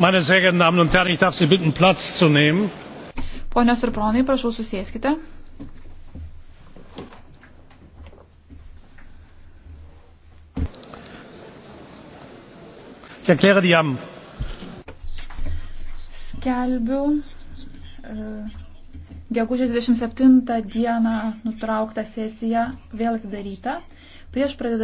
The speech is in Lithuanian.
Meine sehr geehrten Damen und Herren, ich darf Sie bitten, Platz zu nehmen. Ponios ir pronai, prašau susėskite. Ich erkläre die am. Skelbiu e, gegužės 27 dieną nutraukta sesija vėl atidaryta. Prieš pradedant